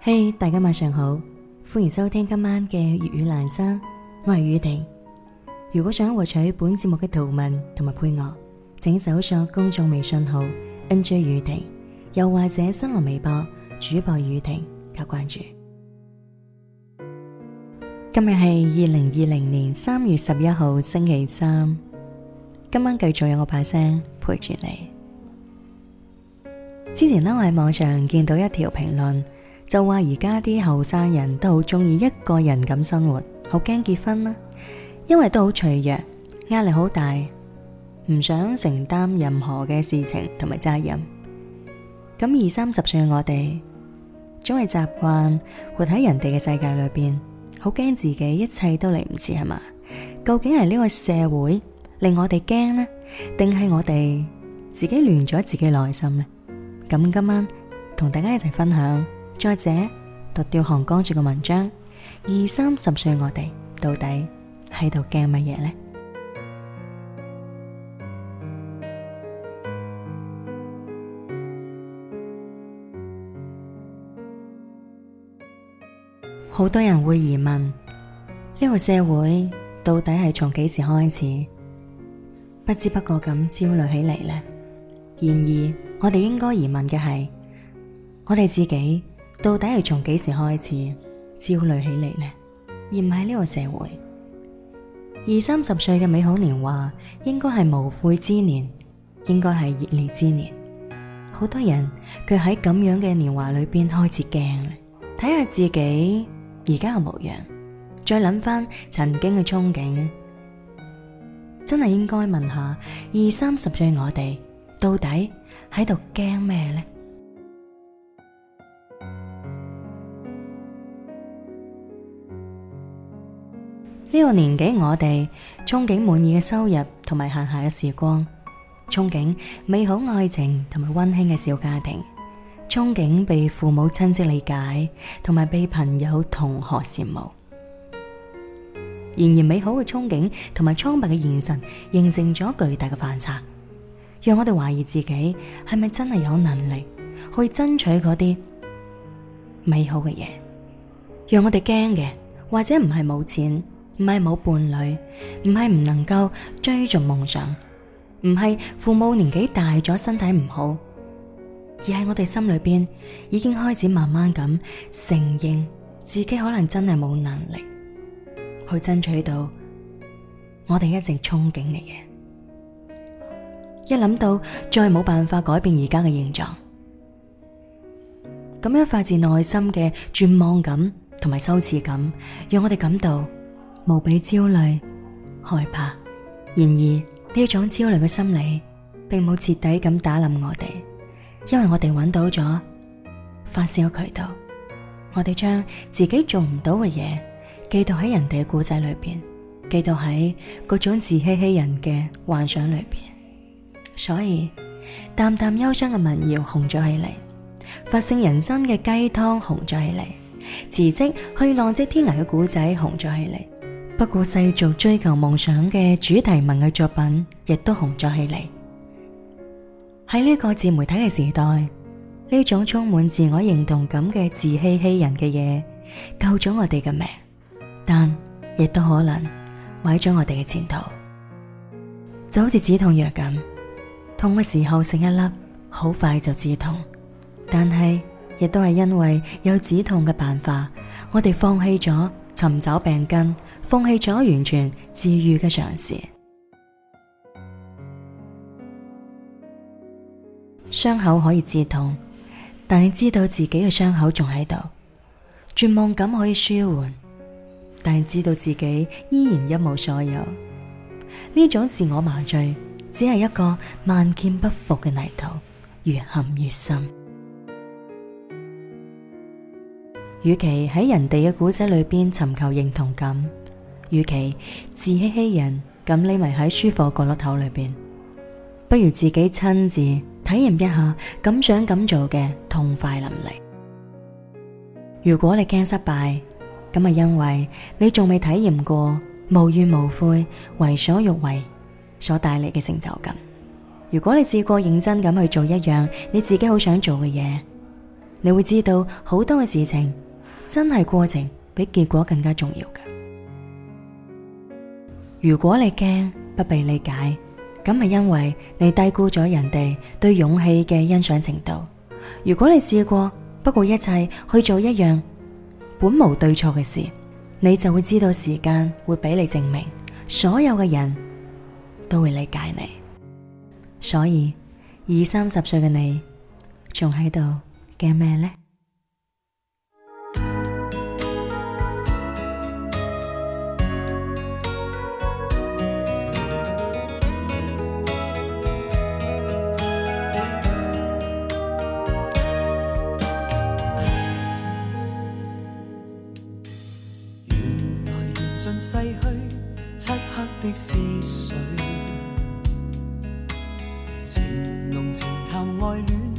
嘿，hey, 大家晚上好，歡迎收聽今晚嘅粵語欄聲，我係宇婷。如果想獲取本節目嘅圖文同埋配樂，請搜索公眾微信號 NJ 宇婷，又或者新浪微博主播宇婷加關注。今日係二零二零年三月十一號星期三，今晚繼續有我把聲陪住你。之前呢，我喺網上見到一條評論。就話而家啲後生人都好中意一個人咁生活，好驚結婚啦，因為都好脆弱，壓力好大，唔想承擔任何嘅事情同埋責任。咁二三十歲嘅我哋，總係習慣活喺人哋嘅世界裏邊，好驚自己一切都嚟唔切係嘛？究竟係呢個社會令我哋驚呢？定係我哋自己亂咗自己內心呢？咁今晚同大家一齊分享。再者，獨釣寒江雪嘅文章，二三十歲我哋到底喺度驚乜嘢呢？好多人會疑問，呢個社會到底係從幾時開始不知不覺咁焦慮起嚟呢？然而，我哋應該疑問嘅係我哋自己。到底係從幾時開始焦慮起嚟呢？而唔係呢個社會。二三十歲嘅美好年華，應該係無悔之年，應該係熱烈之年。好多人佢喺咁樣嘅年華裏邊開始驚，睇下自己而家嘅模樣，再諗翻曾經嘅憧憬，真係應該問下二三十歲我哋到底喺度驚咩呢？呢個年紀我，我哋憧憬滿意嘅收入同埋閒暇嘅時光，憧憬美好愛情同埋温馨嘅小家庭，憧憬被父母親戚理解，同埋被朋友同學羨慕。然而美好嘅憧憬同埋蒼白嘅現實形成咗巨大嘅反差，讓我哋懷疑自己係咪真係有能力去爭取嗰啲美好嘅嘢？讓我哋驚嘅，或者唔係冇錢。唔係冇伴侶，唔係唔能夠追逐夢想，唔係父母年紀大咗，身體唔好，而係我哋心裏邊已經開始慢慢咁承認自己可能真係冇能力去爭取到我哋一直憧憬嘅嘢。一諗到再冇辦法改變而家嘅現狀，咁樣發自內心嘅絕望感同埋羞恥感，讓我哋感到無比焦慮、害怕，然而呢種焦慮嘅心理並冇徹底咁打冧我哋，因為我哋揾到咗發泄嘅渠道。我哋將自己做唔到嘅嘢，寄託喺人哋嘅故仔裏邊，寄託喺各種自欺欺人嘅幻想裏邊。所以淡淡憂傷嘅民謠紅咗起嚟，佛系人生嘅雞湯紅咗起嚟，辭職去浪跡天涯嘅故仔紅咗起嚟。不顧世俗追求夢想嘅主題文藝作品亦都紅咗起嚟。喺呢個自媒體嘅時代，呢種充滿自我認同感嘅自欺欺人嘅嘢，救咗我哋嘅命，但亦都可能毀咗我哋嘅前途。就好似止痛藥咁，痛嘅時候食一粒，好快就止痛。但係亦都係因為有止痛嘅辦法，我哋放棄咗尋找病根。放棄咗完全治愈嘅嘗試，傷口可以止痛，但你知道自己嘅傷口仲喺度；絕望感可以舒緩，但係知道自己依然一無所有。呢種自我麻醉只係一個萬劫不復嘅泥土，越陷越深。與其喺人哋嘅古仔裏邊尋求認同感，與其自欺欺人咁匿埋喺舒服角落頭裏邊，不如自己親自體驗一下敢想敢做嘅痛快淋漓。如果你驚失敗，咁係因為你仲未體驗過無怨無悔、為所欲為所帶嚟嘅成就感。如果你試過認真咁去做一樣你自己好想做嘅嘢，你會知道好多嘅事情真係過程比結果更加重要嘅。如果你驚不被理解，咁係因為你低估咗人哋對勇氣嘅欣賞程度。如果你試過不顧一切去做一樣本無對錯嘅事，你就會知道時間會俾你證明，所有嘅人都會理解你。所以二三十歲嘅你，仲喺度驚咩呢？逝去，漆黑的是誰？情濃情淡，愛戀，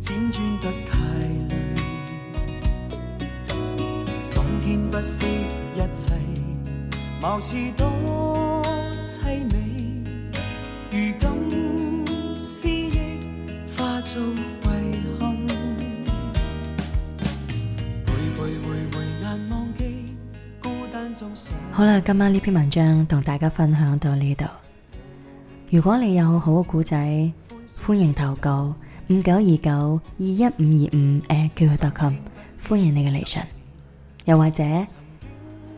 輾轉得太累。當天不惜一切，貌似多凄美。如今思憶化做。好啦，今晚呢篇文章同大家分享到呢度。如果你有好嘅故仔，歡迎投稿五九二九二一五二五，誒，QQ.com，歡迎你嘅嚟信。又或者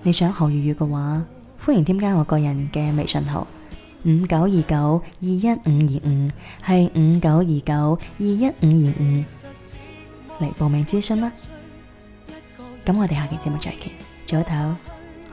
你想學粵語嘅話，歡迎添加我個人嘅微信號五九二九二一五二五，係五九二九二一五二五，嚟報名諮詢啦。咁我哋下期節目再見，早唞。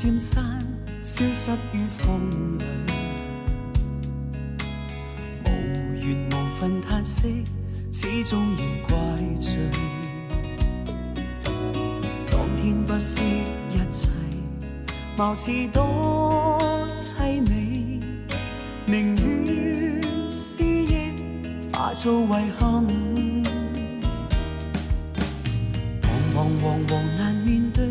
尖山消失於風裏，無緣無分，嘆息，始終願怪罪。當天不惜一切，貌似多凄美，明月思憶化做遺憾，惶惶惶惶難面對。